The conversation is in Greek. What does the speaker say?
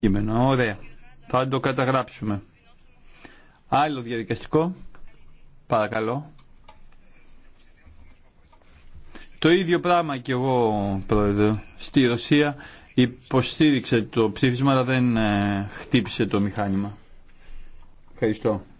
κείμενο. Ωραία. Θα το καταγράψουμε. Άλλο διαδικαστικό. Παρακαλώ. Το ίδιο πράγμα και εγώ, Πρόεδρο. Στη Ρωσία υποστήριξε το ψήφισμα, αλλά δεν ε, χτύπησε το μηχάνημα. Ευχαριστώ.